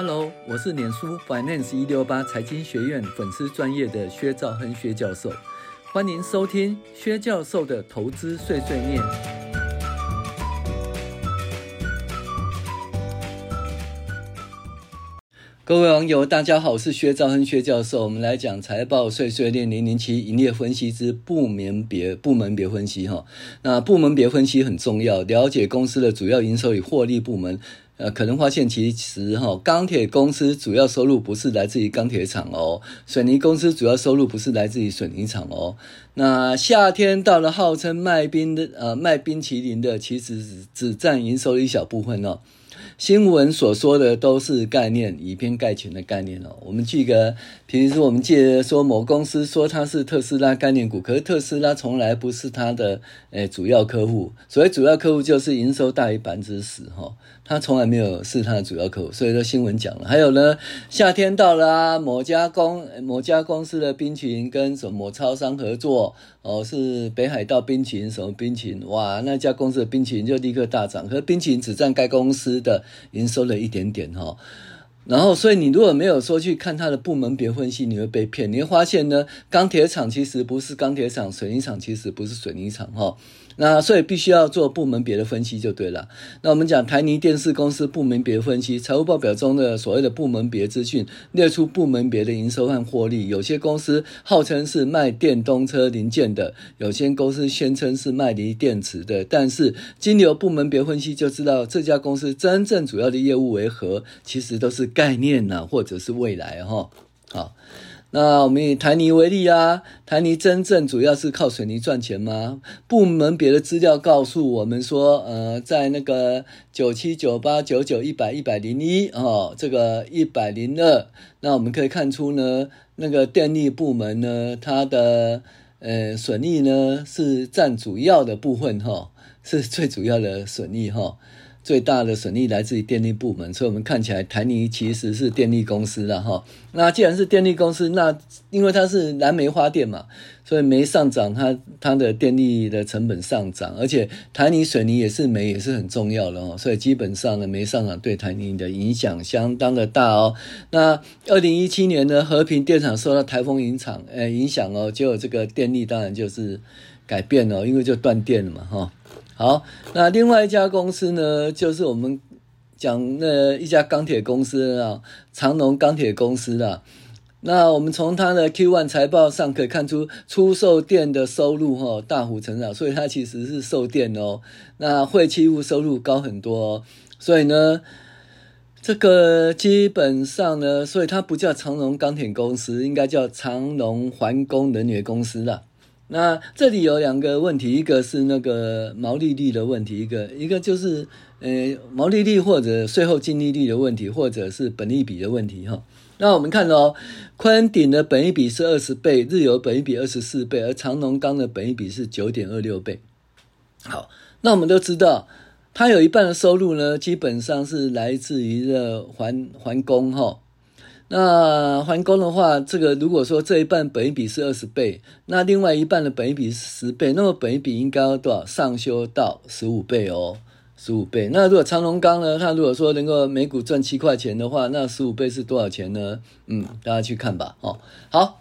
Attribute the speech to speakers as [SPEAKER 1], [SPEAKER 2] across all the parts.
[SPEAKER 1] Hello，我是臉書 Finance 一六八財經學院粉絲專業的薛兆亨薛教授，歡迎收聽薛教授的投資碎碎念。各位網友，大家好，我是薛兆亨薛教授。我們來講財報碎碎念零零七營業分析之部門別部門別分析哈。那部門別分析很重要，了解公司的主要營收與獲利部門。呃，可能發現其實哈，鋼鐵公司主要收入不是來自於鋼鐵廠哦，水泥公司主要收入不是來自於水泥廠哦。那夏天到了，號稱賣冰的呃賣冰淇淋的，其實只只占營收一小部分哦。新聞所說的都是概念，以偏概全的概念哦。我們記得，平時我們記得說某公司說它是特斯拉概念股，可是特斯拉從來不是它的誒、欸、主要客戶。所謂主要客戶就是營收大於百分之十哈，它、哦、從來沒有是它的主要客戶。所以說新聞講了，還有呢，夏天到了、啊、某家公某家公司的冰淇淋跟什麼某超商合作哦，是北海道冰淇淋什麼冰淇淋哇，那家公司的冰淇淋就立刻大漲。可冰淇淋只占該公司。營收了一點點哈、哦，然後所以你如果沒有說去看他的部門別分析，你會被騙。你會發現呢，鋼鐵廠其實不是鋼鐵廠，水泥廠其實不是水泥廠哈、哦。那所以必須要做部門別的分析就對了。那我們講台泥電視公司部門別分析，財務報表中的所謂的部門別資訊，列出部門別的營收和獲利。有些公司號稱是賣電動車零件的，有些公司宣稱是賣鋰電池的，但是經由部門別分析就知道這家公司真正主要的業務為何，其實都是概念呢、啊，或者是未來哈、哦，好。那我們以台泥為例啊，台泥真正主要是靠水泥賺錢嗎？部門別的資料告訴我們說，呃，在那個九七九八九九一百一百零一哦，這個一百零二，那我們可以看出呢，那個電力部門呢，它的呃損益呢是占主要的部分哈、哦，是最主要的損益哈，哦。最大的損益來自於電力部門，所以我們看起來台泥其實是電力公司的哈。那既然是電力公司，那因為它是燃煤發電嘛，所以煤上漲它，它它的電力的成本上漲，而且台泥水泥也是煤也是很重要的哦，所以基本上呢，煤上漲對台泥的影響相當的大哦。那二零一七年呢，和平電廠受到台風影響，呃、哎，影響哦，就這個電力當然就是改變了，因為就斷電了嘛，哈。好，那另外一家公司呢，就是我們講那一家鋼鐵公司啊，長榮鋼鐵公司的那公司啦。那我們從它的 Q1 財報上可以看出，出售電的收入哈、喔、大幅成長，所以它其實是售電哦、喔。那廢棄物收入高很多、喔，所以呢，這個基本上呢，所以它不叫長榮鋼鐵公司，應該叫長榮環工能源公司了。那這裡有兩個問題，一個是那個毛利率的問題，一個一個就是呃毛利率或者稅後淨利率的問題，或者是本益比的問題哈。那我們看到，寬鼎的本益比是二十倍，日游本益比二十四倍，而長隆剛的本益比是九點二六倍。好，那我們都知道，它有一半的收入呢，基本上是來自於的還還工哈。那還工的話，這個如果說這一半本益比是二十倍，那另外一半的本益比是十倍，那麼本益比應該要多少？上修到十五倍哦，十五倍。那如果長隆鋼呢？它如果說能夠每股賺七塊錢的話，那十五倍是多少錢呢？嗯，大家去看吧。哦，好。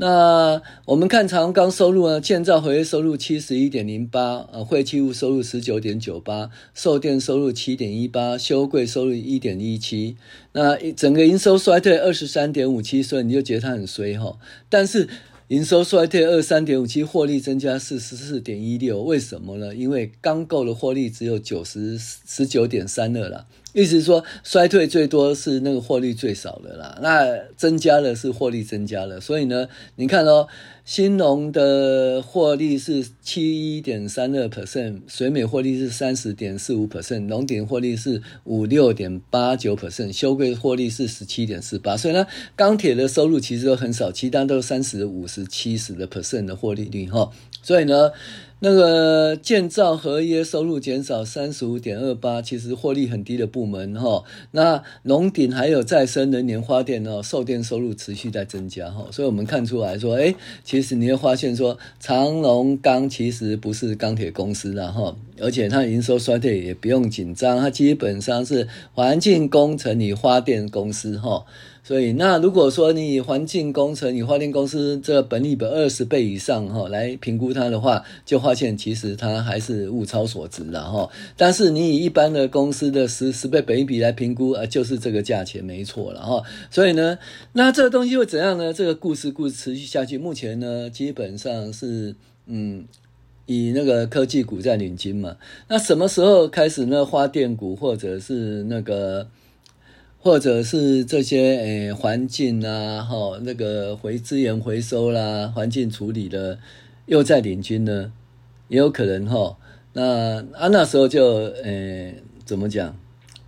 [SPEAKER 1] 那我們看長鋼收入呢、啊？建造合約收入七十一點零八，呃，廢棄物收入十九點九八，售電收入七點一八，修櫃收入一點一七。那整個營收衰退二十三點五七，所以你就覺得它很衰，但是營收衰退二十三點五七，獲利增加四十四點一六，為什麼呢？因為剛購的獲利只有九十十九點三意思是說，衰退最多是那個獲利最少的啦。那增加了是獲利增加了，所以呢，你看哦，興隆的獲利是七一點三二 percent，水美獲利是三十點四五 percent，龍鼎獲利是五六點八九 percent，修貴獲利是十七點四八。所以呢，鋼鐵的收入其實都很少，其他都三十、五十、七十的 percent 的獲利率哈、哦。所以呢，那個建造合約收入減少三十五點二八，其實獲利很低的部分。部門哈，那榮鼎還有再生能源發電哦，售電收入持續在增加哈，所以我們看出來說，哎、欸，其實你會發現說，長榮鋼其實不是鋼鐵公司了哈，而且它營收衰退也不用緊張，它基本上是環境工程與發電公司哈。所以，那如果說你環境工程、你發電公司這個本益比二十倍以上哈來評估它的話，就發現其實它還是物超所值啦。哈。但是你以一般的公司的十十倍本益比來評估，啊就是這個價錢沒錯了哈。所以呢，那這個東西會怎樣呢？這個故事故事持續下去，目前呢，基本上是嗯，以那個科技股在領軍嘛。那什麼時候開始那發電股或者是那個？或者是這些誒，環、欸、境啊，吼、哦，那個回資源回收啦、啊，環境處理的又在領軍呢，也有可能哈、哦。那啊，那時候就誒、欸，怎麼講，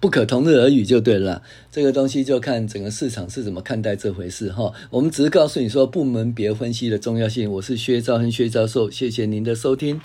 [SPEAKER 1] 不可同日而語就對了啦。這個東西就看整個市場是怎麼看待這回事哈、哦。我們只是告訴你說，部門別分析的重要性。我是薛兆亨薛教授，謝謝您的收聽。